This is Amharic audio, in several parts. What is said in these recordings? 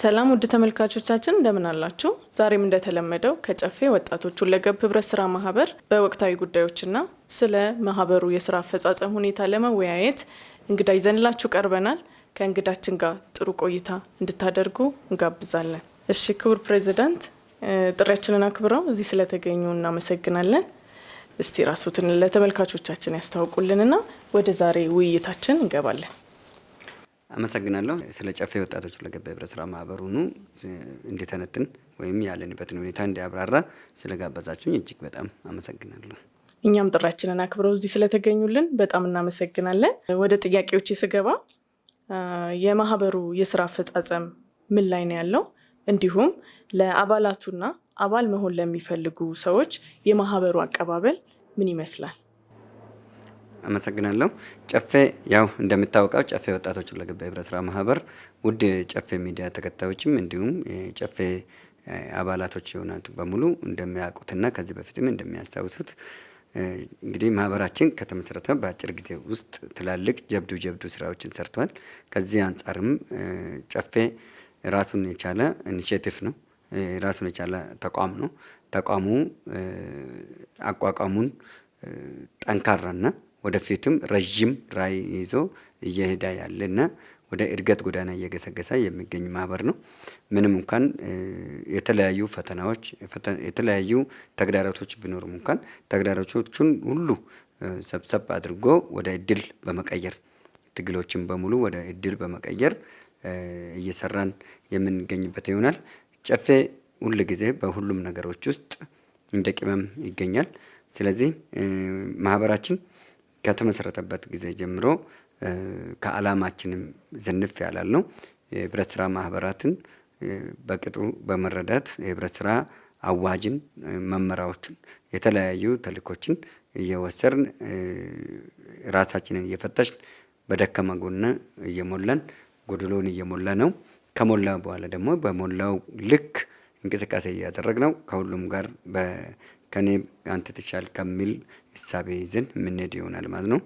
ሰላም ውድ ተመልካቾቻችን እንደምን አላችሁ? ዛሬም እንደተለመደው ከጨፌ ወጣቶች ሁለገብ ህብረት ስራ ማህበር በወቅታዊ ጉዳዮችና ስለ ማህበሩ የስራ አፈጻጸም ሁኔታ ለመወያየት እንግዳ ይዘንላችሁ ቀርበናል። ከእንግዳችን ጋር ጥሩ ቆይታ እንድታደርጉ እንጋብዛለን። እሺ፣ ክቡር ፕሬዚዳንት ጥሪያችንን አክብረው እዚህ ስለተገኙ እናመሰግናለን። እስቲ ራሱትን ለተመልካቾቻችን ያስታውቁልንና ወደ ዛሬ ውይይታችን እንገባለን። አመሰግናለሁ። ስለ ጨፌ ወጣቶች ለገባ ህብረት ስራ ማህበሩኑ እንዲተነትን ወይም ያለንበትን ሁኔታ እንዲያብራራ ስለጋበዛችሁኝ እጅግ በጣም አመሰግናለሁ። እኛም ጥራችንን አክብረው እዚህ ስለተገኙልን በጣም እናመሰግናለን። ወደ ጥያቄዎች ስገባ የማህበሩ የስራ አፈጻጸም ምን ላይ ነው ያለው? እንዲሁም ለአባላቱና አባል መሆን ለሚፈልጉ ሰዎች የማህበሩ አቀባበል ምን ይመስላል? አመሰግናለሁ። ጨፌ ያው እንደሚታወቀው ጨፌ ወጣቶች ለገባ የህብረት ስራ ማህበር ውድ ጨፌ ሚዲያ ተከታዮችም እንዲሁም ጨፌ አባላቶች የሆናቱ በሙሉ እንደሚያውቁትና ከዚህ በፊትም እንደሚያስታውሱት እንግዲህ ማህበራችን ከተመሰረተ በአጭር ጊዜ ውስጥ ትላልቅ ጀብዱ ጀብዱ ስራዎችን ሰርቷል። ከዚህ አንጻርም ጨፌ ራሱን የቻለ ኢኒሽቲቭ ነው። ራሱን የቻለ ተቋም ነው። ተቋሙ አቋቋሙን ጠንካራና ወደፊትም ረዥም ራዕይ ይዞ እየሄዳ ያለና ወደ እድገት ጎዳና እየገሰገሰ የሚገኝ ማህበር ነው። ምንም እንኳን የተለያዩ ፈተናዎች የተለያዩ ተግዳሮቶች ቢኖሩም እንኳን ተግዳሮቶቹን ሁሉ ሰብሰብ አድርጎ ወደ እድል በመቀየር ትግሎችን በሙሉ ወደ እድል በመቀየር እየሰራን የምንገኝበት ይሆናል። ጨፌ ሁል ጊዜ በሁሉም ነገሮች ውስጥ እንደ ቅመም ይገኛል። ስለዚህ ማህበራችን ከተመሰረተበት ጊዜ ጀምሮ ከዓላማችንም ዝንፍ ያላል ነው። የህብረት ስራ ማህበራትን በቅጡ በመረዳት የህብረት ስራ አዋጅን፣ መመሪያዎችን፣ የተለያዩ ተልእኮችን እየወሰድን ራሳችንን እየፈተሽን በደከመ ጎን እየሞላን ጎድሎን እየሞላ ነው። ከሞላ በኋላ ደግሞ በሞላው ልክ እንቅስቃሴ እያደረግ ነው ከሁሉም ጋር ከኔ አንተ ትሻል ከሚል እሳቤ ይዘን የምንሄድ ይሆናል ማለት ነው።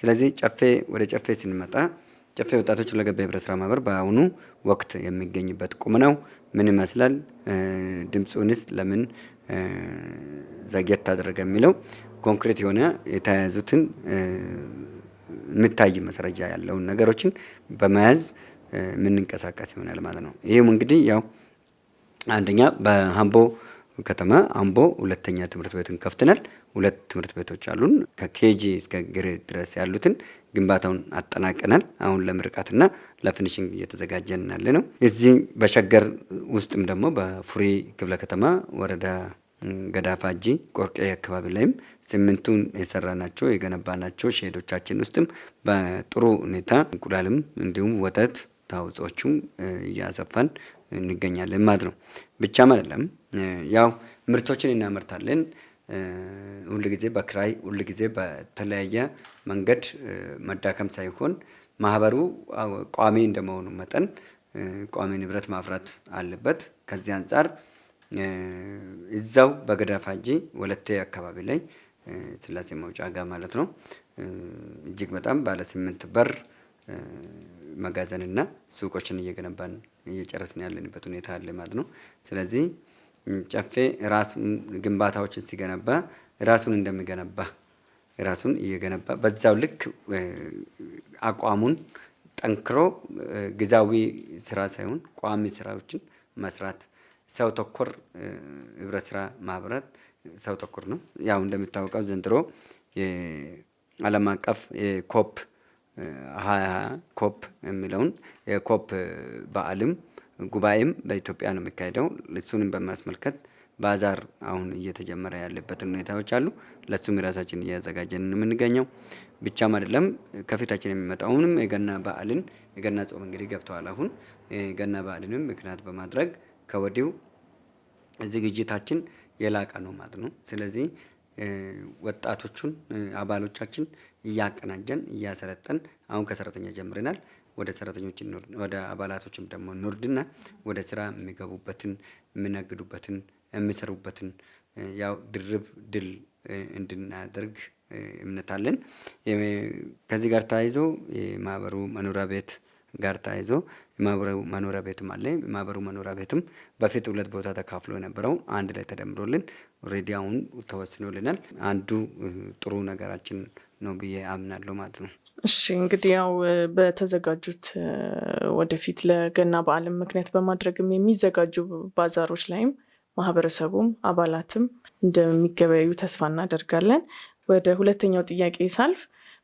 ስለዚህ ጨፌ ወደ ጨፌ ስንመጣ ጨፌ ወጣቶች ለገባ የህብረት ስራ ማህበር በአሁኑ ወቅት የሚገኝበት ቁመናው ምን ይመስላል፣ ድምፁንስ ለምን ዘግየት ታደረገ የሚለው ኮንክሪት የሆነ የተያያዙትን የምታይ መስረጃ ያለውን ነገሮችን በመያዝ የምንንቀሳቀስ ይሆናል ማለት ነው። ይህም እንግዲህ ያው አንደኛ በሀምቦ ከተማ አምቦ ሁለተኛ ትምህርት ቤትን ከፍተናል። ሁለት ትምህርት ቤቶች አሉን። ከኬጂ እስከ ግሬድ ድረስ ያሉትን ግንባታውን አጠናቀናል። አሁን ለምርቃትና ለፊኒሽንግ እየተዘጋጀን ያለ ነው። እዚህ በሸገር ውስጥም ደግሞ በፉሪ ክፍለ ከተማ ወረዳ እጂ ቆርቄ አካባቢ ላይም ስምንቱን የሰራናቸው የገነባናቸው ሼዶቻችን ውስጥም በጥሩ ሁኔታ እንቁላልም እንዲሁም ወተት ተዋጽኦቹም እያሰፋን እንገኛለን ማለት ነው። ብቻም አይደለም ያው ምርቶችን እናመርታለን። ሁል ጊዜ በክራይ ሁል ጊዜ በተለያየ መንገድ መዳከም ሳይሆን ማህበሩ ቋሚ እንደመሆኑ መጠን ቋሚ ንብረት ማፍራት አለበት። ከዚህ አንጻር እዛው በገዳፋጂ ወለቴ አካባቢ ላይ ስላሴ መውጫ ጋር ማለት ነው እጅግ በጣም ባለ ስምንት በር መጋዘንና ሱቆችን እየገነባን እየጨረስን ያለንበት ሁኔታ አለ ማለት ነው። ስለዚህ ጨፌ ራሱን ግንባታዎችን ሲገነባ ራሱን እንደሚገነባ ራሱን እየገነባ በዛው ልክ አቋሙን ጠንክሮ ግዛዊ ስራ ሳይሆን ቋሚ ስራዎችን መስራት ሰው ተኮር ህብረት ስራ ማህበራት ሰው ተኮር ነው። ያው እንደሚታወቀው ዘንድሮ የዓለም አቀፍ የኮፕ ሀያ ኮፕ የሚለውን የኮፕ በዓልም ጉባኤም በኢትዮጵያ ነው የሚካሄደው። እሱንም በማስመልከት ባዛር አሁን እየተጀመረ ያለበትን ሁኔታዎች አሉ። ለሱም የራሳችን እያዘጋጀን የምንገኘው ብቻም አይደለም። ከፊታችን የሚመጣውንም የገና በዓልን የገና ጾም እንግዲህ ገብተዋል። አሁን የገና በዓልንም ምክንያት በማድረግ ከወዲሁ ዝግጅታችን የላቀ ነው ማለት ነው። ስለዚህ ወጣቶቹን አባሎቻችን እያቀናጀን እያሰለጠን አሁን ከሰራተኛ ጀምረናል። ወደ ሰራተኞች ወደ አባላቶችም ደግሞ ኑርድና ወደ ስራ የሚገቡበትን የሚነግዱበትን የሚሰሩበትን ያው ድርብ ድል እንድናደርግ እምነት አለን። ከዚህ ጋር ተያይዞ የማህበሩ መኖሪያ ቤት ጋር ተያይዞ የማህበሩ መኖሪያ ቤትም አለ። የማህበሩ መኖሪያ ቤትም በፊት ሁለት ቦታ ተካፍሎ የነበረው አንድ ላይ ተደምሮልን ኦልሬዲ አሁን ተወስኖልናል። አንዱ ጥሩ ነገራችን ነው ብዬ አምናለሁ ማለት ነው። እሺ እንግዲህ ያው በተዘጋጁት ወደፊት ለገና በዓልን ምክንያት በማድረግም የሚዘጋጁ ባዛሮች ላይም ማህበረሰቡም አባላትም እንደሚገበያዩ ተስፋ እናደርጋለን። ወደ ሁለተኛው ጥያቄ ሳልፍ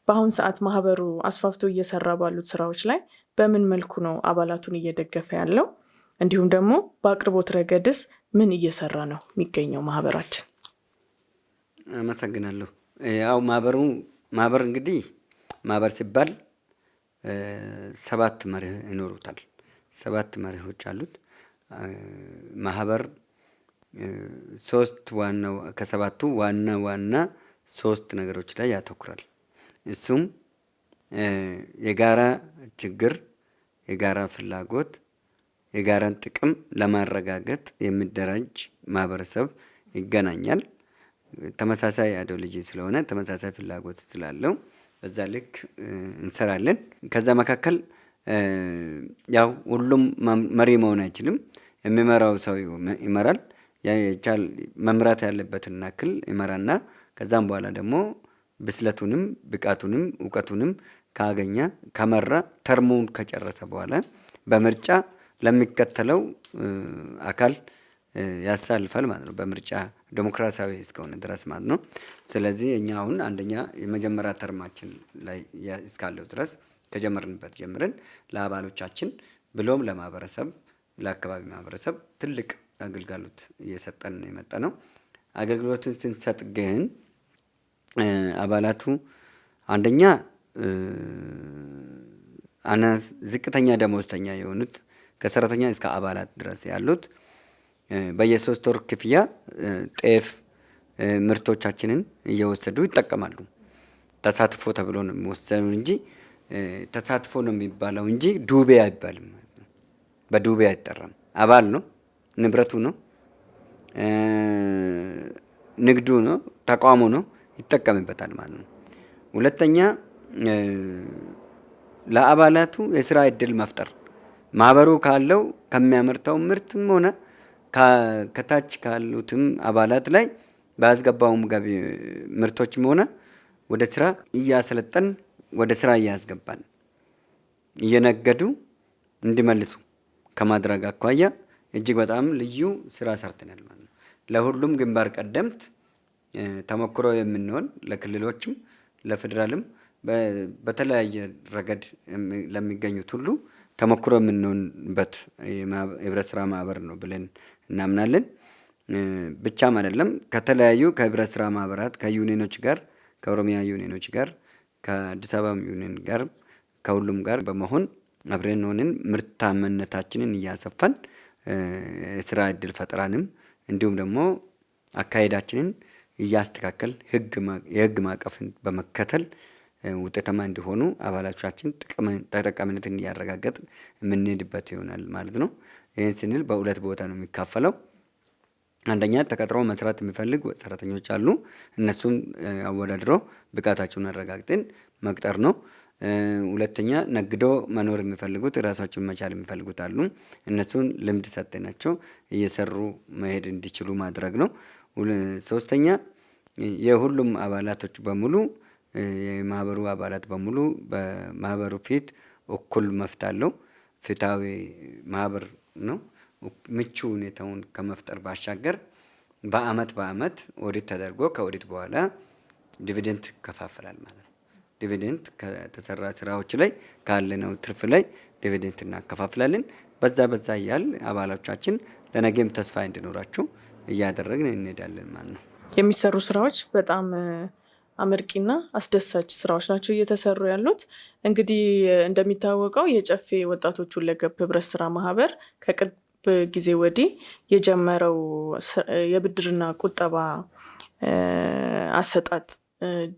በአሁን ሰዓት ማህበሩ አስፋፍቶ እየሰራ ባሉት ስራዎች ላይ በምን መልኩ ነው አባላቱን እየደገፈ ያለው? እንዲሁም ደግሞ በአቅርቦት ረገድስ ምን እየሰራ ነው የሚገኘው ማህበራችን? አመሰግናለሁ። ያው ማህበሩ ማህበር እንግዲህ ማህበር ሲባል ሰባት መርህ ይኖሩታል። ሰባት መርሆች አሉት። ማህበር ሶስት ዋና ከሰባቱ ዋና ዋና ሶስት ነገሮች ላይ ያተኩራል። እሱም የጋራ ችግር፣ የጋራ ፍላጎት፣ የጋራን ጥቅም ለማረጋገጥ የሚደራጅ ማህበረሰብ ይገናኛል። ተመሳሳይ አይዲዮሎጂ ስለሆነ ተመሳሳይ ፍላጎት ስላለው በዛ ልክ እንሰራለን። ከዛ መካከል ያው ሁሉም መሪ መሆን አይችልም። የሚመራው ሰው ይመራል። መምራት ያለበትን ያክል ይመራና ከዛም በኋላ ደግሞ ብስለቱንም ብቃቱንም እውቀቱንም ካገኘ ከመራ ተርሙን ከጨረሰ በኋላ በምርጫ ለሚከተለው አካል ያሳልፋል ማለት ነው በምርጫ ዴሞክራሲያዊ እስከሆነ ድረስ ማለት ነው። ስለዚህ እኛ አሁን አንደኛ የመጀመሪያ ተርማችን ላይ እስካለው ድረስ ከጀመርንበት ጀምረን ለአባሎቻችን ብሎም ለማህበረሰብ ለአካባቢ ማህበረሰብ ትልቅ አገልጋሎት እየሰጠን ነው የመጣ ነው። አገልግሎቱን ስንሰጥ ግን አባላቱ አንደኛ አና ዝቅተኛ ደሞዝተኛ የሆኑት ከሰራተኛ እስከ አባላት ድረስ ያሉት በየሶስት ወር ክፍያ ጤፍ ምርቶቻችንን እየወሰዱ ይጠቀማሉ። ተሳትፎ ተብሎ ነው የሚወሰኑ እንጂ ተሳትፎ ነው የሚባለው እንጂ ዱቤ አይባልም። በዱቤ አይጠራም። አባል ነው፣ ንብረቱ ነው፣ ንግዱ ነው፣ ተቋሙ ነው፣ ይጠቀምበታል ማለት ነው። ሁለተኛ ለአባላቱ የስራ እድል መፍጠር ማህበሩ ካለው ከሚያመርተው ምርትም ሆነ ከታች ካሉትም አባላት ላይ ባያስገባውም ገቢ ምርቶችም ሆነ ወደ ስራ እያሰለጠን ወደ ስራ እያስገባን እየነገዱ እንዲመልሱ ከማድረግ አኳያ እጅግ በጣም ልዩ ስራ ሰርተናል ማለት ነው። ለሁሉም ግንባር ቀደምት ተሞክሮ የምንሆን ለክልሎችም ለፌዴራልም በተለያየ ረገድ ለሚገኙት ሁሉ ተሞክሮ የምንሆንበት የህብረት ስራ ማህበር ነው ብለን እናምናለን። ብቻም አይደለም ከተለያዩ ከህብረት ስራ ማህበራት ከዩኒኖች ጋር ከኦሮሚያ ዩኒኖች ጋር ከአዲስ አበባ ዩኒን ጋር ከሁሉም ጋር በመሆን አብረን ሆንን ምርታማነታችንን እያሰፋን የስራ እድል ፈጠራንም እንዲሁም ደግሞ አካሄዳችንን እያስተካከል የህግ ማዕቀፍን በመከተል ውጤታማ እንዲሆኑ አባላቻችን ተጠቃሚነትን እያረጋገጥ የምንሄድበት ይሆናል ማለት ነው። ይህን ስንል በሁለት ቦታ ነው የሚካፈለው። አንደኛ ተቀጥሮ መስራት የሚፈልግ ሰራተኞች አሉ። እነሱን አወዳድሮ ብቃታቸውን አረጋግጠን መቅጠር ነው። ሁለተኛ ነግዶ መኖር የሚፈልጉት ራሳቸውን መቻል የሚፈልጉት አሉ። እነሱን ልምድ ሰጠናቸው እየሰሩ መሄድ እንዲችሉ ማድረግ ነው። ሶስተኛ የሁሉም አባላቶች በሙሉ የማህበሩ አባላት በሙሉ በማህበሩ ፊት እኩል መፍት አለው። ፍትሐዊ ማህበር ነው። ምቹ ሁኔታውን ከመፍጠር ባሻገር በአመት በአመት ኦዲት ተደርጎ ከኦዲት በኋላ ዲቪደንት ይከፋፈላል ማለት ነው። ዲቪደንት ከተሰራ ስራዎች ላይ ካለነው ትርፍ ላይ ዲቪደንት እናከፋፍላለን። በዛ በዛ እያል አባሎቻችን ለነገም ተስፋ እንዲኖራቸው እያደረግን እንሄዳለን ማለት ነው። የሚሰሩ ስራዎች በጣም አመርቂና አስደሳች ስራዎች ናቸው እየተሰሩ ያሉት። እንግዲህ እንደሚታወቀው የጨፌ ወጣቶች ሁለገብ ህብረት ስራ ማህበር ከቅርብ ጊዜ ወዲህ የጀመረው የብድርና ቁጠባ አሰጣጥ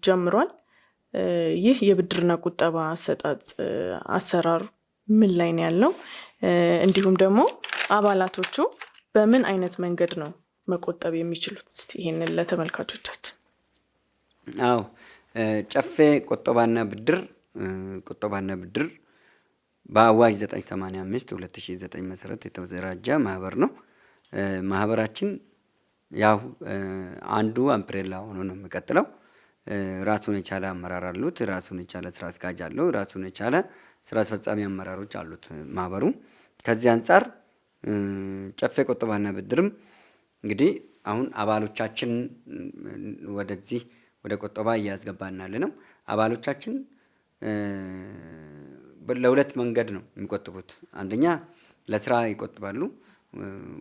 ጀምሯል። ይህ የብድርና ቁጠባ አሰጣጥ አሰራር ምን ላይ ነው ያለው? እንዲሁም ደግሞ አባላቶቹ በምን አይነት መንገድ ነው መቆጠብ የሚችሉት? እስኪ ይህንን ለተመልካቾቻችን አዎ ጨፌ ቁጠባና ብድር ቁጠባና ብድር በአዋጅ 985 2009 መሰረት የተዘራጀ ማህበር ነው። ማህበራችን ያው አንዱ አምፕሬላ ሆኖ ነው የሚቀጥለው። ራሱን የቻለ አመራር አሉት። ራሱን የቻለ ስራ አስኪያጅ አለው። ራሱን የቻለ ስራ አስፈጻሚ አመራሮች አሉት ማህበሩ። ከዚህ አንጻር ጨፌ ቁጠባና ብድርም እንግዲህ አሁን አባሎቻችን ወደዚህ ወደ ቆጠባ እያስገባናል ነው። አባሎቻችን ለሁለት መንገድ ነው የሚቆጥቡት። አንደኛ ለስራ ይቆጥባሉ፣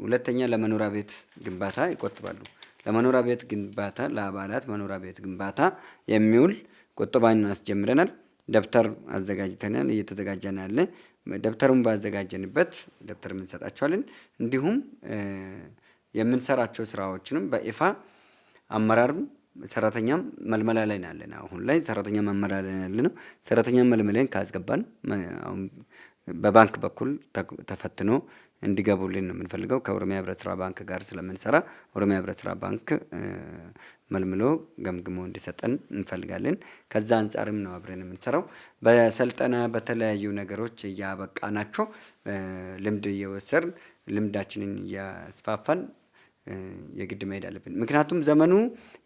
ሁለተኛ ለመኖሪያ ቤት ግንባታ ይቆጥባሉ። ለመኖሪያ ቤት ግንባታ ለአባላት መኖሪያ ቤት ግንባታ የሚውል ቆጠባን አስጀምረናል። ደብተር አዘጋጅተናል፣ እየተዘጋጀን ያለ ደብተሩን ባዘጋጀንበት ደብተር እንሰጣቸዋለን። እንዲሁም የምንሰራቸው ስራዎችንም በይፋ አመራርም ሰራተኛም መልመላ ላይ ያለ ነው አሁን ላይ ሰራተኛ መመላ ላይ ያለ ነው ሰራተኛ መልመላን ካስገባን አሁን በባንክ በኩል ተፈትኖ እንዲገቡልን ነው የምንፈልገው። ከኦሮሚያ ህብረት ስራ ባንክ ጋር ስለምንሰራ ኦሮሚያ ህብረት ስራ ባንክ መልምሎ ገምግሞ እንዲሰጠን እንፈልጋለን። ከዛ አንጻርም ነው አብረን የምንሰራው። በሰልጠና በተለያዩ ነገሮች እያበቃ ናቸው ልምድ እየወሰድን ልምዳችንን እያስፋፋን የግድ መሄድ አለብን። ምክንያቱም ዘመኑ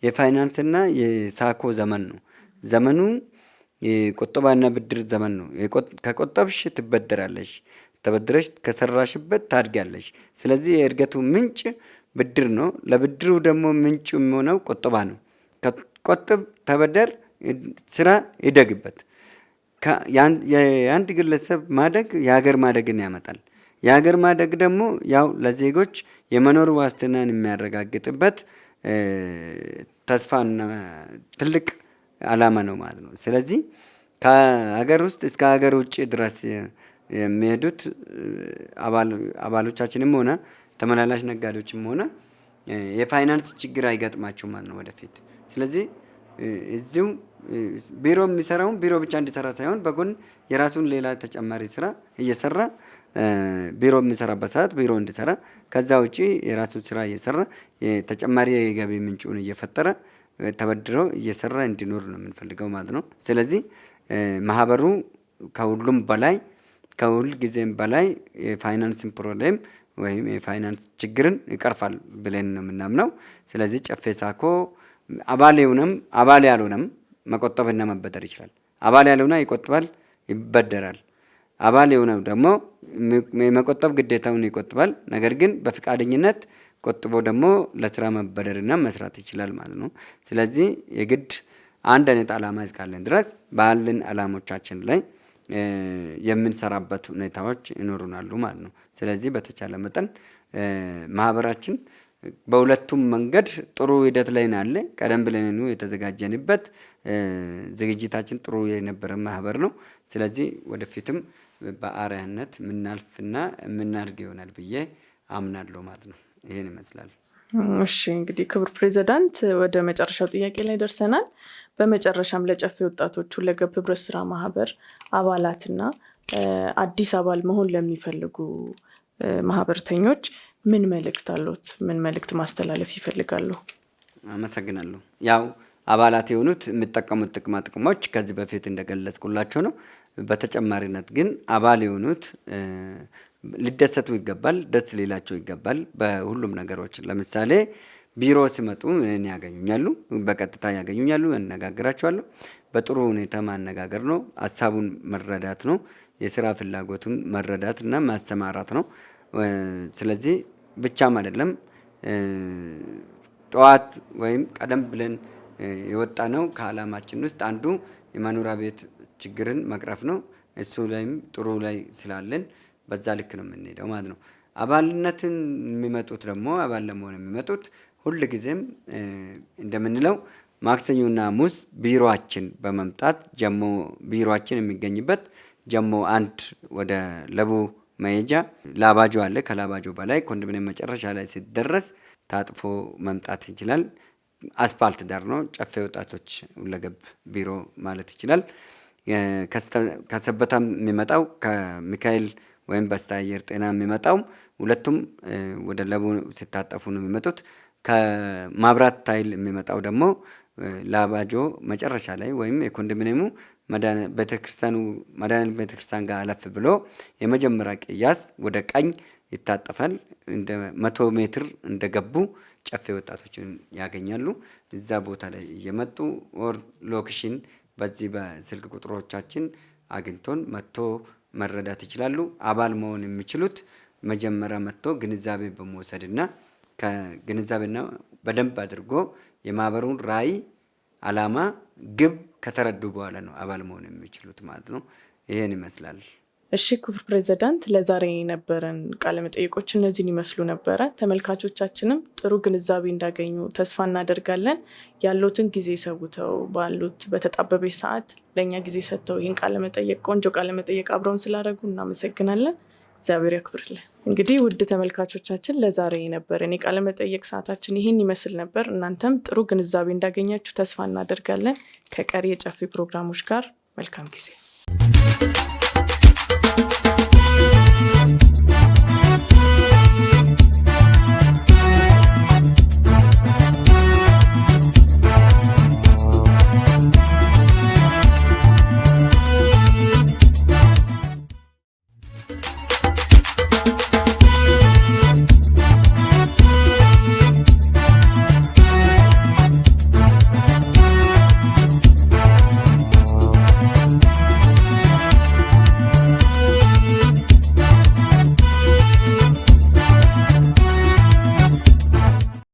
የፋይናንስና የሳኮ ዘመን ነው። ዘመኑ የቆጠባና ብድር ዘመን ነው። ከቆጠብሽ ትበደራለሽ፣ ተበድረሽ ከሰራሽበት ታድጋለሽ። ስለዚህ የእድገቱ ምንጭ ብድር ነው። ለብድሩ ደግሞ ምንጭ የሚሆነው ቁጠባ ነው። ቆጥብ፣ ተበደር፣ ስራ፣ ይደግበት። የአንድ ግለሰብ ማደግ የሀገር ማደግን ያመጣል። የሀገር ማደግ ደግሞ ያው ለዜጎች የመኖር ዋስትናን የሚያረጋግጥበት ተስፋና ትልቅ ዓላማ ነው ማለት ነው። ስለዚህ ከሀገር ውስጥ እስከ ሀገር ውጭ ድረስ የሚሄዱት አባሎቻችንም ሆነ ተመላላሽ ነጋዴዎችም ሆነ የፋይናንስ ችግር አይገጥማቸው ማለት ነው ወደፊት። ስለዚህ እዚሁ ቢሮ የሚሰራውን ቢሮ ብቻ እንዲሰራ ሳይሆን በጎን የራሱን ሌላ ተጨማሪ ስራ እየሰራ ቢሮ የምንሰራበት ሰዓት ቢሮ እንዲሰራ ከዛ ውጪ የራሱን ስራ እየሰራ ተጨማሪ የገቢ ምንጩን እየፈጠረ ተበድረው እየሰራ እንዲኖር ነው የምንፈልገው ማለት ነው። ስለዚህ ማህበሩ ከሁሉም በላይ ከሁል ጊዜም በላይ የፋይናንስን ፕሮብሌም ወይም የፋይናንስ ችግርን ይቀርፋል ብለን ነው የምናምነው። ስለዚህ ጨፌ ሳኮ አባሌውንም አባል ያልሆነም መቆጠብና መበደር ይችላል። አባል ያልሆነ ይቆጥባል፣ ይበደራል። አባል የሆነው ደግሞ የመቆጠብ ግዴታውን ይቆጥባል። ነገር ግን በፈቃደኝነት ቆጥቦ ደግሞ ለስራ መበደርና መስራት ይችላል ማለት ነው። ስለዚህ የግድ አንድ አይነት ዓላማ እስካለን ድረስ ባለን ዓላሞቻችን ላይ የምንሰራበት ሁኔታዎች ይኖሩናሉ ማለት ነው። ስለዚህ በተቻለ መጠን ማህበራችን በሁለቱም መንገድ ጥሩ ሂደት ላይ ናለ። ቀደም ብለን የተዘጋጀንበት ዝግጅታችን ጥሩ የነበረ ማህበር ነው። ስለዚህ ወደፊትም በአርያነት የምናልፍና የምናድግ ይሆናል ብዬ አምናለሁ ማለት ነው። ይህን ይመስላል። እሺ እንግዲህ ክቡር ፕሬዚዳንት ወደ መጨረሻው ጥያቄ ላይ ደርሰናል። በመጨረሻም ለጨፌ ወጣቶች ሁለገብ ህብረት ስራ ማህበር አባላትና አዲስ አባል መሆን ለሚፈልጉ ማህበርተኞች ምን መልእክት አሉት? ምን መልእክት ማስተላለፍ ይፈልጋሉ? አመሰግናለሁ። ያው አባላት የሆኑት የሚጠቀሙት ጥቅማ ጥቅሞች ከዚህ በፊት እንደገለጽኩላቸው ነው። በተጨማሪነት ግን አባል የሆኑት ሊደሰቱ ይገባል፣ ደስ ሊላቸው ይገባል። በሁሉም ነገሮች ለምሳሌ ቢሮ ሲመጡ እኔን ያገኙኛሉ፣ በቀጥታ ያገኙኛሉ፣ እነጋግራቸዋለሁ። በጥሩ ሁኔታ ማነጋገር ነው፣ ሀሳቡን መረዳት ነው፣ የስራ ፍላጎቱን መረዳት እና ማሰማራት ነው። ስለዚህ ብቻም አይደለም ጠዋት ወይም ቀደም ብለን የወጣ ነው ከዓላማችን ውስጥ አንዱ የመኖሪያ ቤት ችግርን መቅረፍ ነው። እሱ ላይም ጥሩ ላይ ስላለን በዛ ልክ ነው የምንሄደው ማለት ነው። አባልነትን የሚመጡት ደግሞ አባል ለመሆን የሚመጡት ሁል ጊዜም እንደምንለው ማክሰኞና ሐሙስ ቢሮችን በመምጣት ጀሞ ቢሮችን የሚገኝበት ጀሞ አንድ ወደ ለቡ መሄጃ ላባጆ አለ። ከላባጆ በላይ ኮንዶሚኒየም መጨረሻ ላይ ሲደረስ ታጥፎ መምጣት ይችላል። አስፓልት ዳር ነው። ጨፌ ወጣቶች ሁለገብ ቢሮ ማለት ይችላል። ከሰበታ የሚመጣው ከሚካኤል ወይም በስተ አየር ጤና የሚመጣው ሁለቱም ወደ ለቡ ሲታጠፉ ነው የሚመጡት። ከማብራት ታይል የሚመጣው ደግሞ ለአባጆ መጨረሻ ላይ ወይም የኮንዶሚኒየሙ ቤተክርስቲያኑ መድኃኒት ቤተክርስቲያን ጋር አለፍ ብሎ የመጀመሪያ ቅያስ ወደ ቀኝ ይታጠፋል። እንደ መቶ ሜትር እንደገቡ ጨፌ ወጣቶችን ያገኛሉ። እዛ ቦታ ላይ እየመጡ ኦር ሎክሽን በዚህ በስልክ ቁጥሮቻችን አግኝቶን መጥቶ መረዳት ይችላሉ። አባል መሆን የሚችሉት መጀመሪያ መጥቶ ግንዛቤ በመውሰድና ከግንዛቤና በደንብ አድርጎ የማህበሩን ራዕይ፣ አላማ፣ ግብ ከተረዱ በኋላ ነው አባል መሆን የሚችሉት ማለት ነው። ይሄን ይመስላል። እሺ ክቡር ፕሬዚዳንት፣ ለዛሬ የነበረን ቃለ መጠይቆች እነዚህን ይመስሉ ነበረ። ተመልካቾቻችንም ጥሩ ግንዛቤ እንዳገኙ ተስፋ እናደርጋለን። ያሉትን ጊዜ ሰውተው ባሉት በተጣበበች ሰዓት ለእኛ ጊዜ ሰጥተው ይህን ቃለ መጠየቅ ቆንጆ ቃለ መጠየቅ አብረውን ስላደረጉ እናመሰግናለን። እግዚአብሔር ያክብርልን። እንግዲህ ውድ ተመልካቾቻችን ለዛሬ የነበረን የቃለ መጠየቅ ሰዓታችን ይህን ይመስል ነበር። እናንተም ጥሩ ግንዛቤ እንዳገኛችሁ ተስፋ እናደርጋለን። ከቀሪ የጨፌ ፕሮግራሞች ጋር መልካም ጊዜ